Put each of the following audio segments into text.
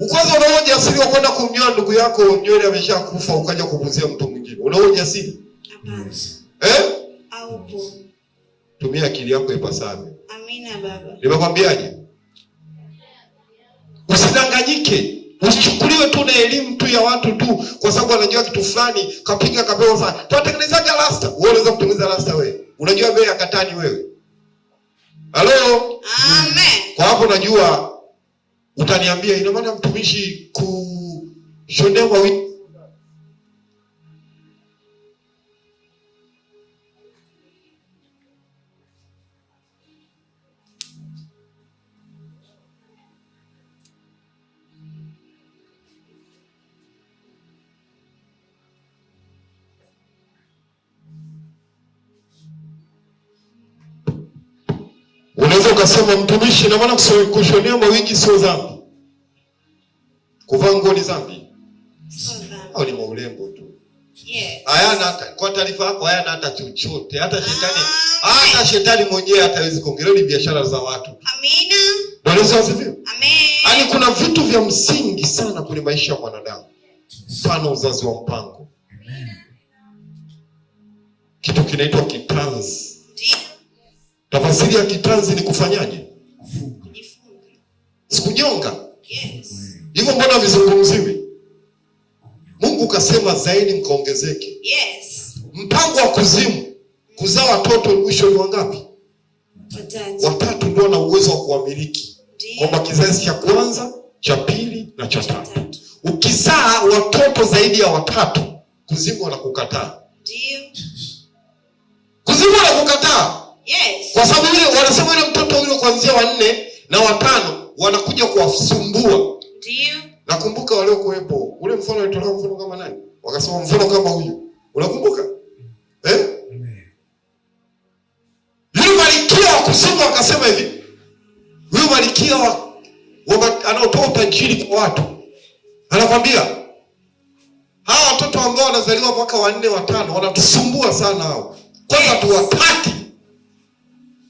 Ukwanza unao ujasiri wa kwenda kumnyoa ndugu yako nywele ameshakufa ukaja kumuzia mtu mwingine. Unao ujasiri? Yes. Eh? Aupo. Tumia akili yako ipasavyo. Amina baba. Nimekwambiaje? Usidanganyike. Usichukuliwe tu na elimu tu ya watu tu kwa sababu anajua kitu fulani, kapiga kapewa sana. Tunatengenezaje rasta? Wewe unaweza kutengeneza rasta wewe. Unajua bei ya katani wewe. Halo? Amen. Kwa hapo unajua Utaniambia, ina maana mtumishi kushondewa Unaweza ukasema mtumishi, na maana kushonea mawigi sio dhambi. taarifa yako hayana hata chochote, hata ah. shetani, hata shetani mwenyewe hatawezi kuongelea. Ni biashara za watu. Amina. Yaani kuna vitu vya msingi sana kwenye maisha ya mwanadamu, mfano uzazi wa mpango, Amen. kitu kinaitwa kitanzi. Tafasiri ya kitanzi ni kufanyaje? Sikunyonga hivyo, yes. Mbona vizungumziwi? Mungu kasema zaidi mkaongezeke, yes. Mpango wa kuzimu kuzaa watoto mwisho ni wangapi? Watatu ndio na uwezo wa kuwamiliki, kwamba kizazi cha kwanza, cha pili na cha tatu. Ukizaa watoto zaidi ya watatu, kuzimu wanakukataa. Kuzimu wanakukataa, yes. Kwa sababu ile wanasema ile mtoto ule kuanzia wanne na watano wanakuja kuwasumbua. Nakumbuka waliokuwepo ule mfano alitolewa, mfano kama nani, wakasema mfano kama huyu, unakumbuka? eh? Yule malkia wa akasema hivi, huyu malkia anaotoa utajiri kwa watu anakwambia hawa watoto ambao wanazaliwa mwaka wa nne wa tano wanatusumbua sana hao, kwanza tuwataki.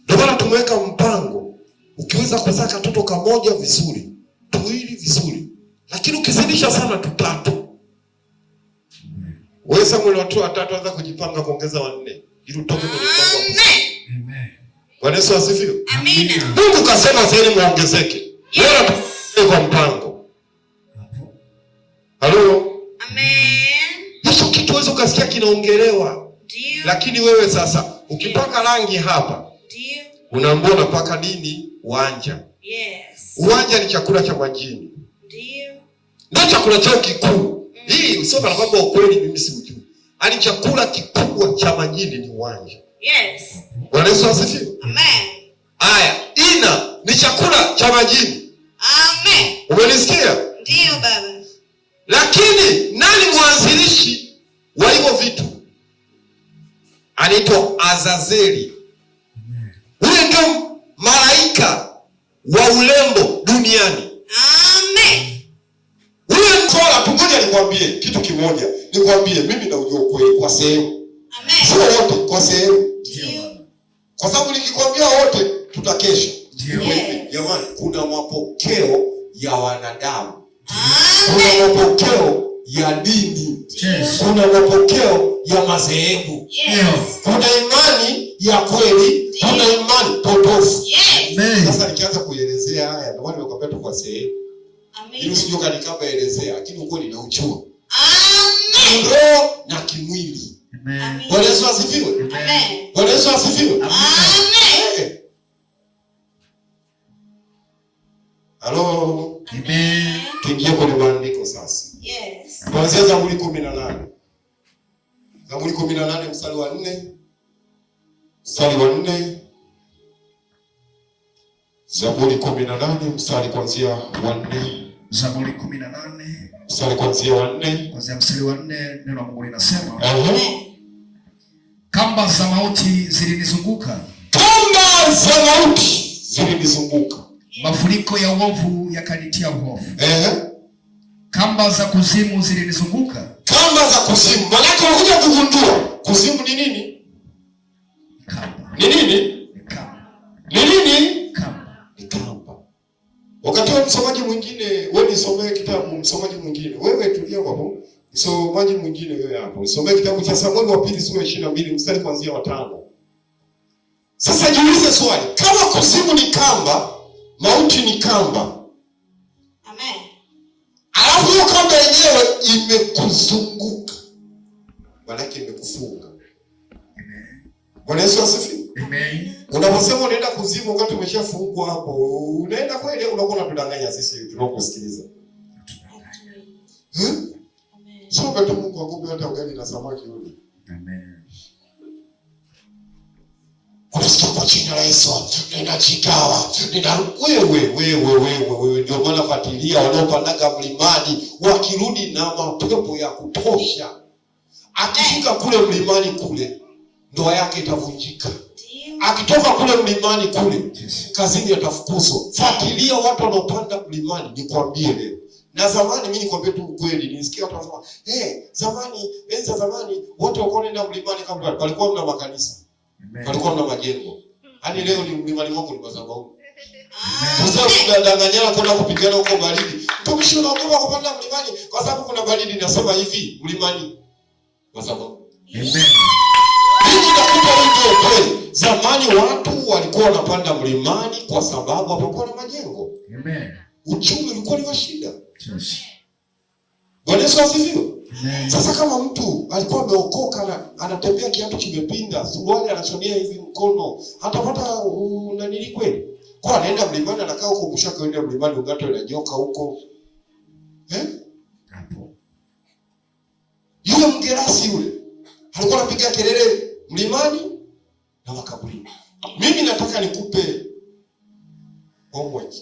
Ndio maana tumeweka mpango, ukiweza kuzaa katoto kamoja vizuri, tuwili vizuri, lakini ukizidisha sana tutatu Samuel watoa watatu, anza kujipanga kuongeza wanne ili utoke kwenye mpango. Amen. Bwana Yesu asifiwe. Amina. Mungu kasema zeni muongezeke. Wewe kwa mpango. Halo. Amen. Hicho kitu wewe ukasikia kinaongelewa. Ndio. Lakini wewe sasa ukipaka rangi hapa. Ndio. Unaambiwa unapaka nini? Uwanja. Yes. Uwanja ni chakula cha majini. Ndio. Ndio chakula chao kikuu. Mm. Hii usio kana kwamba ukweli mimi si hadi yaani chakula kikubwa cha majini ni uwanja. Yes. Bwana Yesu asifiwe. Amen. Haya, ina ni chakula cha majini. Amen. Umenisikia? Ndio baba. Lakini nani mwanzilishi wa hivyo vitu? Anaitwa Azazeli. sehemu, sio wote, kwa sehemu, kwa sababu nikikwambia wote tutakesha. Kuna mapokeo ya wanadamu, kuna mapokeo ya dini, kuna mapokeo ya madhehebu, kuna imani ya kweli, kuna imani potofu. Sasa nikianza kuelezea haya, ndio maana nimekuambia tu kwa sehemu, ili usije ukanikabaelezea, lakini ukweli naujua kiroho na kimwili. Bwana asifiwe. Bwana asifiwe. Halo, tuingie kwenye maandiko sasa, kuanzia Zaburi kumi na nane Zaburi kumi na nane mstari wa nne mstari wa nne Zaburi kumi na nane mstari kuanzia wa nne Zaburi kumi na nane kuanzia mstari wa nne neno la Mungu linasema uh -huh. Kamba za mauti zilinizunguka, kamba za mauti zilinizunguka, mafuriko ya uovu yakanitia hofu uh Kamba za kuzimu zilinizunguka, kamba za kuzimu. Maana unakuja kugundua kuzimu ni nini? Kamba ni nini? mwingine, wewe nisomee kitabu, msomaji mwingine. Wewe tulia kwa hapo. Msomaji mwingine wewe hapo. Somee kitabu cha Samueli wa pili sura 22 mstari kuanzia wa 5. Sasa jiulize swali, kama kuzimu ni kamba, mauti ni kamba. Amen. Alafu hiyo kamba yenyewe imekuzunguka. Maana yake imekufunga. Amen. Bwana Yesu asifiwe. Amen. Unaposema unaenda kuzimu wakati umeshafungwa hapo, unaenda kweli unakuwa unatudanganya sisi tunaokusikiliza. Hmm? Sio wakati Mungu akupe hata ugali na samaki ule. Amen. Kristo kwa jina la Yesu chikawa. nina wewe wewe wewe wewe. Ndio maana fatilia wanaopandaga mlimani wakirudi na mapepo ya kutosha, akifika kule mlimani kule ndoa yake itavunjika akitoka kule mlimani kule kazini atafukuzwa. Fuatilia watu wanaopanda mlimani, nikwambie leo na zamani. Mimi nikwambia tu ukweli, nisikia watu wanasema hey, zamani, enza zamani wote walikuwa wanaenda mlimani kama walikuwa mna makanisa, walikuwa mna majengo. Hadi leo ni mlimani wako ni madhabahu. Sasa tunadanganyana kwenda kupigana huko baridi. Mtumishi unaogopa kupanda mlimani kwa sababu kuna baridi. Nasema hivi mlimani, kwa sababu amen, hii ndio kitu Zamani watu walikuwa wanapanda mlimani kwa sababu hapakuwa na majengo. Amen. Uchumi ulikuwa ni wa shida. Yes. Bwana Yesu asifiwe. Sasa kama mtu alikuwa ameokoka na anatembea kiatu kimepinda, suruali anachonia hivi mkono, hatapata unanili kweli. Kwa anaenda mlimani anakaa huko mshaka kwenda mlimani ugato na joka huko. Eh? Hapo. Yule mgerasi yule alikuwa anapiga kelele mlimani na kaburini. Mimi nataka nikupe homework.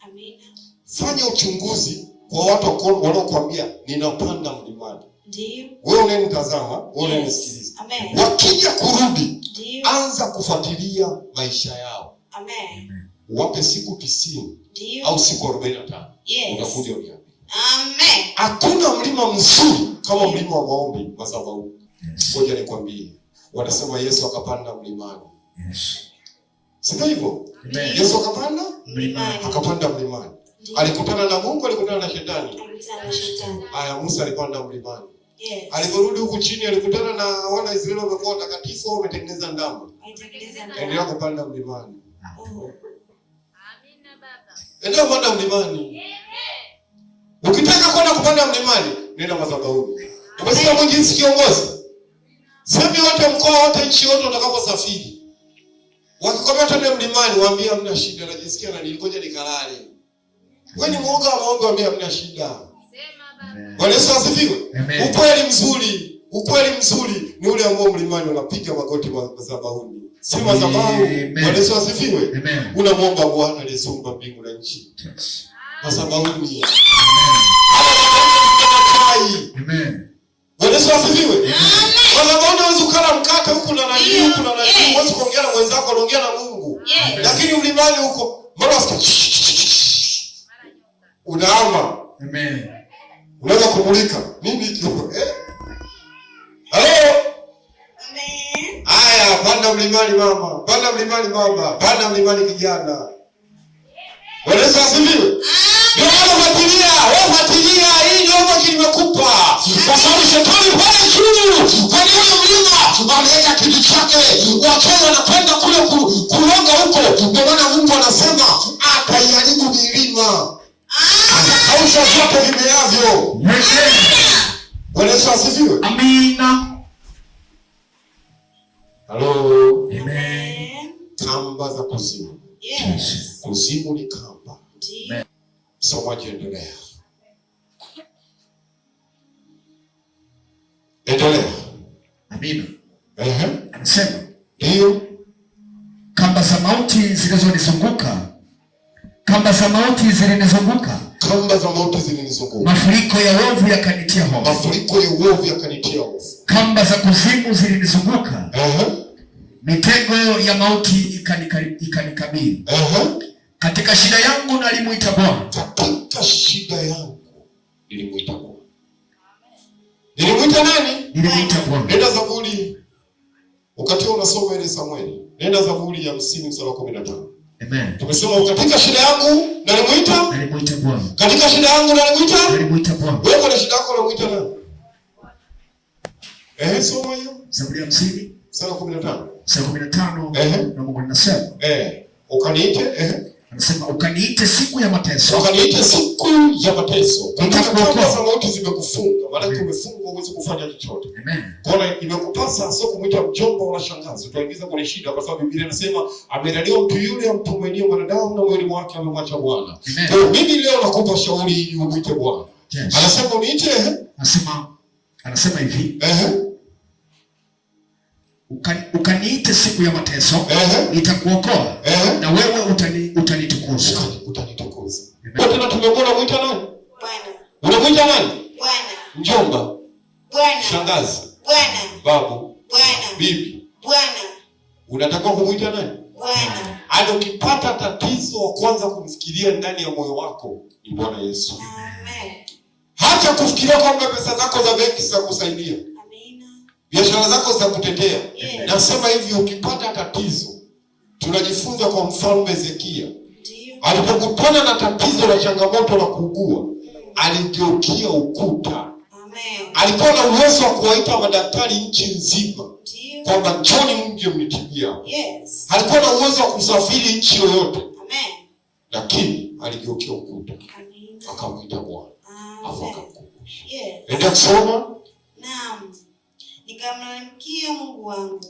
Amina. Fanya uchunguzi kwa watu wanaokuambia ninapanda mlimani. Ndio. Wewe unanitazama, wewe unanisikiliza. Amen. Wakija kurudi, Ndio. Anza kufuatilia maisha yao. Amen. Wape siku tisini au siku 45. Yes. Utakuja uniambie. Amen. Hakuna mlima mzuri kama mlima wa maombi kwa sababu. Ngoja nikwambie. Wanasema Yesu akapanda mlimani, sivyo hivyo? Yesu akapanda mlimani, akapanda mlimani, alikutana na Mungu, alikutana na shetani. Aya, Musa alipanda mlimani. Yes. Aliporudi huku chini alikutana na wana Israeli wamekuwa watakatifu wametengeneza ndama. Endelea kupanda mlimani. Oh. Endelea kupanda mlimani. Ukitaka kwenda kupanda mlimani, nenda madhabahuni. Umesikia Mungu jinsi kiongozi? Lakini wote mkoa wote nchi yote utakaposafiri, wakikwambia twende mlimani, waambie hamna shida, najisikia na nilikoje nikalale. Wewe ni muoga wa maombi, waambie hamna shida. Bwana Yesu asifiwe. Ukweli mzuri, ukweli mzuri ni ule ambao mlimani unapiga magoti madhabahuni. Si madhabahu. Yesu asifiwe. Unamwomba Bwana aliyeumba mbingu na nchi. Madhabahuni. Amen. Amen. Bwana Yesu asifiwe. Amen. Unaweza ukala mkate huku na nani huku na nani, huwezi kuongea na mwenzako, unaongea na Mungu. Lakini ulimani huko, mbona unaama? Amen. Unaweza kumulika nini hicho eh? Hello. Amen. Haya, panda mlimani mama, panda mlimani baba, panda mlimani kijana. Yesu asifiwe unalofuatilia wafuatilia hii ndogo kimekupa kwa sababu shetani pale juu kwenye huyo mlima ameweka kitu chake wakiwa wanakwenda kule kuloga huko ndio maana mungu anasema ataiharibu milima atakausha vyote vimeavyo bwana asifiwe amina Halo. Amen. Kamba za kuzimu. Yes. Kuzimu ni kamba. Amen somo aje, endelea, endelea. Amina. Ehe, anasema ndiyo, kamba za mauti zilizonizunguka, kamba za mauti zilinizunguka kamba za mauti zilinizunguka, mafuriko ya uovu yakanitia hofu, mafuriko ya uovu yakanitia hofu. Kamba za kuzimu zilinizunguka, uh-huh. mitego ya mauti ikanikabili. uh -huh. Katika shida yangu nalimwita Bwana. Katika shida yangu nilimwita Bwana. Nilimwita nani? Nilimwita Bwana. Nenda Zaburi. Wakati unasoma ile Samueli, nenda Zaburi ya 50 mstari wa 15. Amen. Tumesoma katika shida yangu nalimwita nalimwita Bwana. Katika shida yangu nalimwita nalimwita Bwana. Wewe kwa shida yako unamuita nani? Eh, soma hiyo. Zaburi ya 50 mstari wa 15. Mstari wa 15. Eh. Na Mungu anasema, eh, ukaniite, eh. Nasema ukaniite siku ya mateso, ukaniite siku ya mateso. Sauti zimekufunga, maana umefungwa, huwezi kufanya chochote. Kwa imekupasa sio kumwita mjomba wala shangazi, utaingiza kwenye shida, kwa sababu Biblia inasema amelaaniwa mtu yule amtumainie mwanadamu na moyoni mwake amemwacha Bwana. Kwa hiyo mimi leo nakupa shauri, umwite Bwana. Anasema uniite, anasema anasema hivi, ehe ukaniita siku ya mateso nitakuokoa na wewe utanitukuza utanitukuza. Wote nani? Bwana. ukipata tatizo wa kwanza kumfikiria ndani ya moyo wako ni Bwana Yesu. Hata kufikiria kwamba pesa zako za benki zitakusaidia biashara zako zitakutetea. Nasema hivi, ukipata tatizo, tunajifunza kwa mfalme Hezekia alipokutana na tatizo la changamoto la kuugua, aligeukia ukuta. Alikuwa na uwezo wa kuwaita madaktari nchi nzima kwamba njoni mje mnitibia. Yes. Alikuwa na uwezo wa kusafiri nchi yoyote, lakini aligeukia ukuta, akamwita Bwana afu akamkumbusha, Enda kusoma. Naam nikamlaanikia Mungu wangu.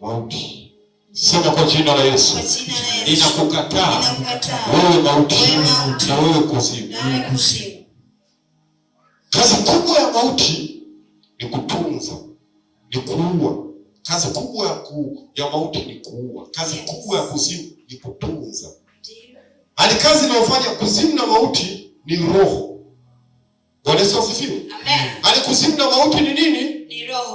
Mauti, sema kwa jina la Yesu, ninakukataa wewe mauti na wewe kuzimu. Kazi kubwa ya mauti ni kutunza, ni kuua. Kazi kubwa ya mauti ni kuua. Kazi kubwa ya kuzimu ni kutunza. Hali yaani kazi inayofanya kuzimu na mauti ni roho. Bwana Yesu asifiwe. Amen. Hali yaani kuzimu na mauti ni nini?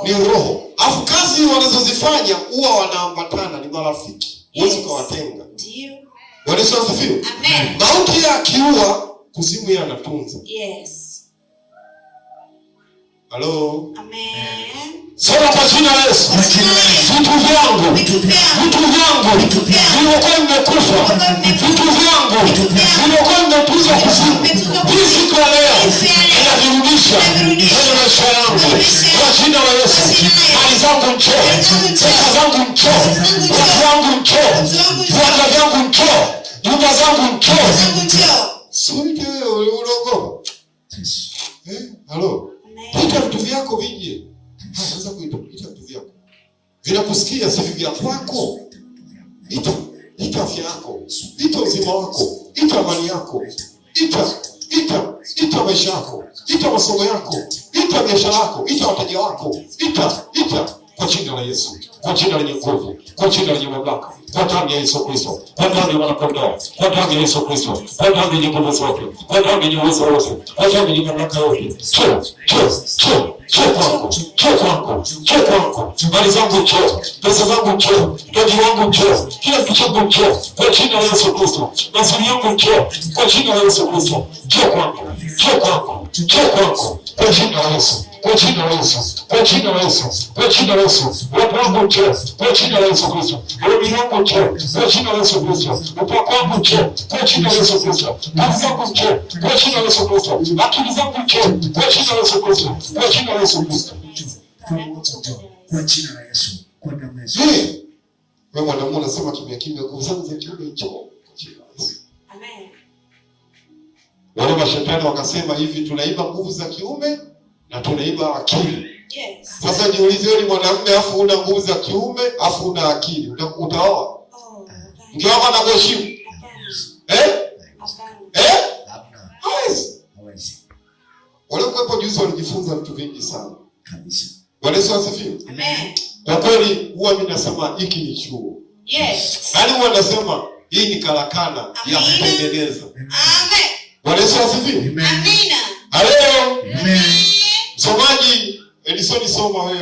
ni uroho. Alafu kazi wanazozifanya huwa wanaambatana, ni marafiki, huwezi ukawatenga. Bwana mauti ya Mauti kuzimu yeye anatunza. Yes. Amen. Sema kwa jina la Yesu, vitu vyangu vitu vyangu vilikuwa vimekufa, vitu vyangu vilikuwa vimepuza kuzimu, hii siku ya leo inavirudisha kwenye maisha yangu kwa jina la Yesu. Mali zangu mchoo, pesa zangu mchoo, watu wangu mchoo, viwanja vyangu mchoo, nyumba zangu mchoo. Siwiki wewe uliogopa, halo, eh, vita vitu vyako vije unaweza kuitumikia vitu vyako vinakusikia, si vya kwako. Ita ita afya yako, ita uzima wako, ita amani yako, ita ita ita maisha yako, ita masomo yako, ita biashara yako, ita wateja wako, ita ita, kwa jina la Yesu, kwa jina lenye nguvu, kwa jina lenye mamlaka kwa damu ya Yesu Kristo, kwa damu ya mwanakondoo, kwa damu ya Yesu Kristo, kwa damu yenye nguvu zote, kwa damu yenye uwezo wote, kwa damu yenye mamlaka yote. Choo, choo, choo, choo kwangu, choo kwangu, choo kwangu, mali zangu choo, pesa zangu choo, mtaji wangu choo, kila kitu changu choo, kwa jina la Yesu Kristo, masuri yangu choo, kwa jina la Yesu Kristo, choo kwangu, choo kwangu, choo kwangu, kwa jina la Yesu kwa jina la Yesu, kwa jina la Yesu, kwa jina la Yesu, upako mche, kwa jina la Yesu Kristo, roho yangu mche, kwa jina la Yesu Kristo, upako wangu mche, kwa jina la Yesu Kristo, kazi yangu mche, kwa jina la Yesu Kristo, akili zangu mche, kwa jina la Yesu Kristo, kwa jina la Yesu Kristo, kwa jina la Yesu, kwa damu ya Yesu. Wewe Wale mashetani wakasema hivi, tunaimba nguvu za kiume tunaiba akili. Sasa yes. Jiulize, ni mwanamume afu una nguvu za kiume afu una akili, utaoa? Oh, Mke wako anakuheshimu eh? eh? Waliokuwepo juzi walijifunza vitu vingi sana kabisa. Bwana Yesu asifiwe. Kwa kweli huwa mimi nasema hiki ni chuo. Yes. Yaani huwa nasema hii ni karakana ya kutengeneza. Amen. Bwana Yesu asifiwe. Amen.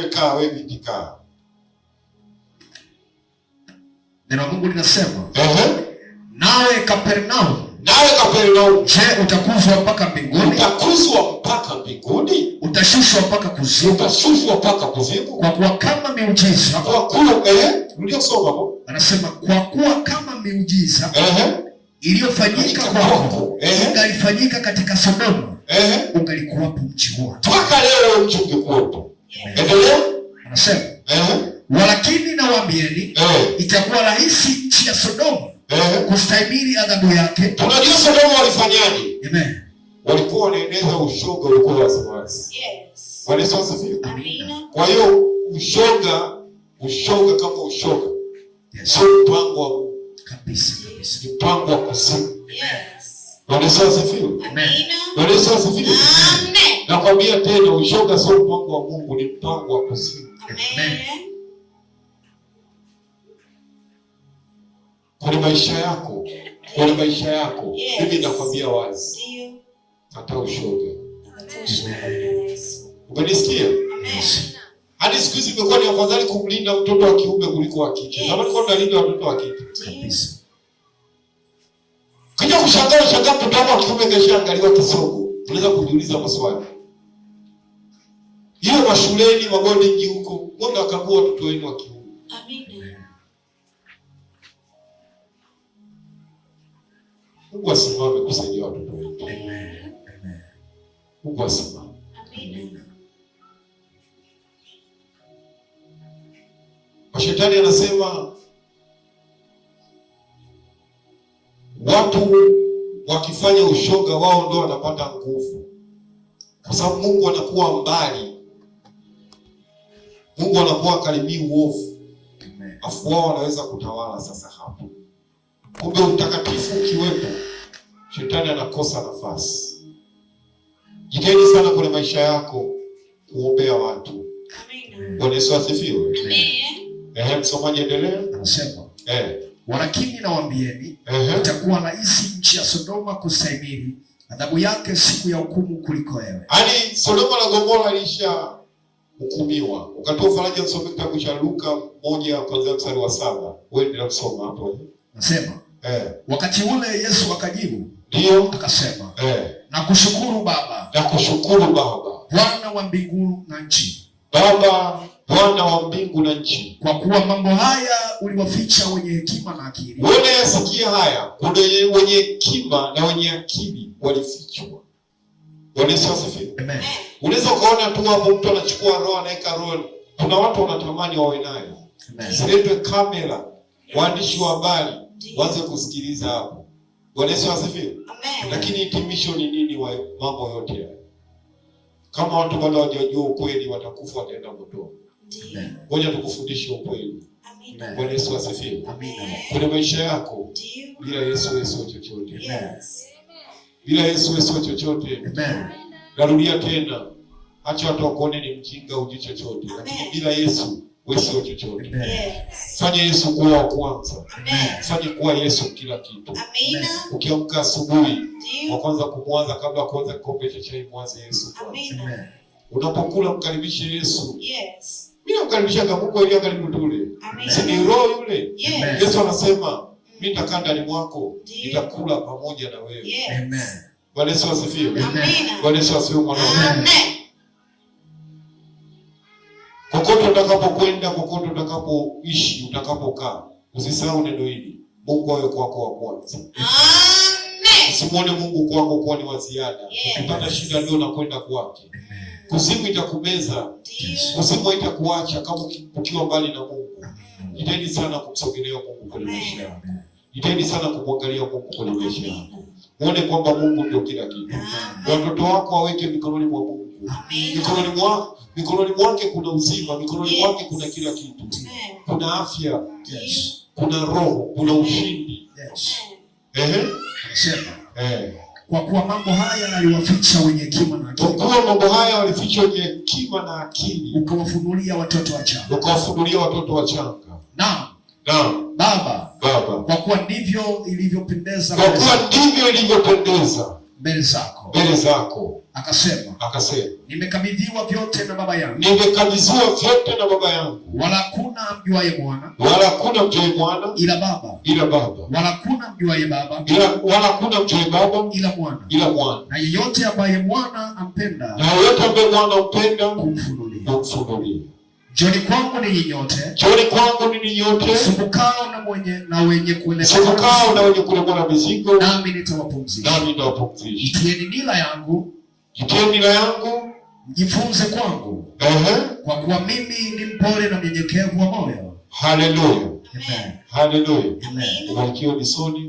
kaa wewe binti Neno Mungu linasema uh -huh. Nawe Kapernaum, nawe Kapernaum, je, utakuzwa mpaka mbinguni? Utakuzwa mpaka mbinguni, utashushwa mpaka kuzimu, utashushwa mpaka kuzimu. Kwa kuwa kama miujiza, kwa kuwa eh, uliosoma hapo anasema kwa kuwa kama miujiza eh uh -huh. iliyofanyika kwako uh -huh. ingalifanyika katika Sodoma uh -huh. ungalikuwapo mji huo. Mpaka leo mji ungekuwa hapo anasema walakini nawaambieni, eh. itakuwa rahisi nchi ya Sodoma eh. kustahimili adhabu yake. Unajua Sodoma walifanyaje? Amen. Walikuwa wanaeneza ushoga ulikuwa Amina. Kwa hiyo ushoga, ushoga kama ushoga. Yes. Sio mpango Kabisa kabisa. Mpango wa Asifiwe. Nakwambia tena, ushoga sio mpango wa Mungu, ni mpango wa kuzimu. Kwenye maisha yako, kwenye maisha yako, mimi yes, nakwambia wazi, hata ushoga. Umenisikia? Hadi siku hizi imekuwa ni afadhali kumlinda mtoto wa kiume kuliko wa kike. Zamani nilikuwa nalinda watoto wa kike kabisa. Unaweza kushangaa ushangaa mtoto wako akisoma kesho angaliwa kisogo. Unaweza kujiuliza maswali. Hiyo mashuleni wa boarding huko, wanda wakagua watoto wenu wa kiume. Amina. Mungu asimame kusaidia watoto wetu. Mungu asimame. Amina. Mashetani anasema Watu wakifanya ushoga wao ndio wanapata nguvu, kwa sababu Mungu anakuwa mbali, Mungu anakuwa karibii uovu, afu wao wanaweza kutawala. Sasa hapo, kumbe utakatifu ukiwepo, shetani anakosa nafasi. Jitahidi sana kwenye maisha yako kuombea watu. Bwana Yesu asifiwe. Msomaji, endelea. Eh. Walakini nawaambieni, utakuwa rahisi nchi ya Sodoma kustahimili adhabu yake siku ya hukumu kuliko ewe. Yaani Sodoma na Gomora ilishahukumiwa. Ukatoa faraja, msome kitabu cha Luka moja kuanzia mstari wa saba. Wewe endelea kusoma hapo. Eh? Nasema eh, wakati ule Yesu akajibu, ndio akasema eh, nakushukuru Baba, nakushukuru Baba, Bwana wa mbinguni na nchi, Baba Bwana wa mbingu na nchi, kwa kuwa mambo haya uliwaficha wenye hekima na akili. yasikia haya, kuna wenye hekima na wenye akili walifichwa. Bwana Yesu asifiwe. Amen. Unaweza kuona tu hapo mtu anachukua roho anaweka roho. Kuna watu wanatamani wawe nayo. Ziletwe kamera, waandishi wa habari waanze kusikiliza hapo. Bwana Yesu asifiwe. Amen. Lakini hitimisho ni nini wa mambo yote haya? Kama watu bado hawajajua ukweli, watakufa wataenda motoni. Ngoja tukufundishe ukweli. Bwana Yesu asifiwe. Kwenye maisha yako bila Yesu wewe sio chochote. Bila Yesu wewe sio chochote. Narudia tena, acha watu wakuone ni mjinga, uji chochote, lakini bila Yesu wewe sio chochote. Fanya Yesu kuwa wa kwanza, fanya kuwa Yesu kila kitu. Ukiamka asubuhi, wa kwanza kumwanza, kabla kuanza kikombe cha chai, mwanze Yesu kwanza. Unapokula mkaribishe Yesu. Yes bila kukaribisha Mungu aliye karibu tule. Si ni roho yule. Yes. Yesu anasema mimi nitakaa ndani mwako, nitakula pamoja na wewe. Amen. Bwana Yesu asifiwe. Amen. Bwana Yesu asifiwe mwana. wangu. Amen. Kokote utakapokwenda, kokote utakapoishi, utakapokaa, usisahau neno hili. Mungu awe kwako wa kwanza. Amen. Usimwone Mungu kwako kwa ni wa ziada. Ukipata shida leo na kwenda kwake. Kuzimu itakumeza, kuzimu itakuacha kama ukiwa mbali na Mungu. Jitahidi sana kumsogelea Mungu kwenye maisha yako, jitahidi sana kumwangalia Mungu kwenye maisha yako, uone kwamba Mungu ndio kila kitu. Watoto wako waweke mikononi mwa Mungu. Mikononi mwa mikononi mwake kuna uzima, mikononi mwake kuna kila kitu, kuna afya, kuna roho, kuna ushindi. Ehe, sema eh kwa kuwa mambo haya aliwaficha wenye hekima na akili, kwa kuwa mambo haya walificha wenye hekima na akili, ukawafunulia watoto wachanga, ukawafunulia watoto wachanga. Naam, naam Baba, Baba, kwa kuwa ndivyo ilivyopendeza, kwa kuwa ndivyo ilivyopendeza mbele zako, mbele zako Akasema, akasema nimekabidhiwa vyote na baba yangu, nimekabidhiwa vyote na baba yangu. Wala kuna mjuaye mwana, wala kuna mjuaye mwana ila baba, ila baba. Wala kuna mjuaye baba, ila wala kuna mjuaye baba ila mwana, ila mwana. Na yeyote ambaye mwana ampenda, na yeyote ambaye mwana ampenda kumfunulia, kumfunulia. Njoni kwangu ninyi nyote, njoni kwangu ninyi nyote, sumbukao na mwenye na wenye kulemewa mizigo, nami nitawapumzisha. Nami nitawapumzisha. Itieni nila yangu Jitoe mila yangu, jifunze kwangu. Ehe. Kwa kuwa mimi ni mpole na mnyenyekevu wa moyo. Haleluya. Amen. Haleluya. Amen. Ubarikiwe Bisoni.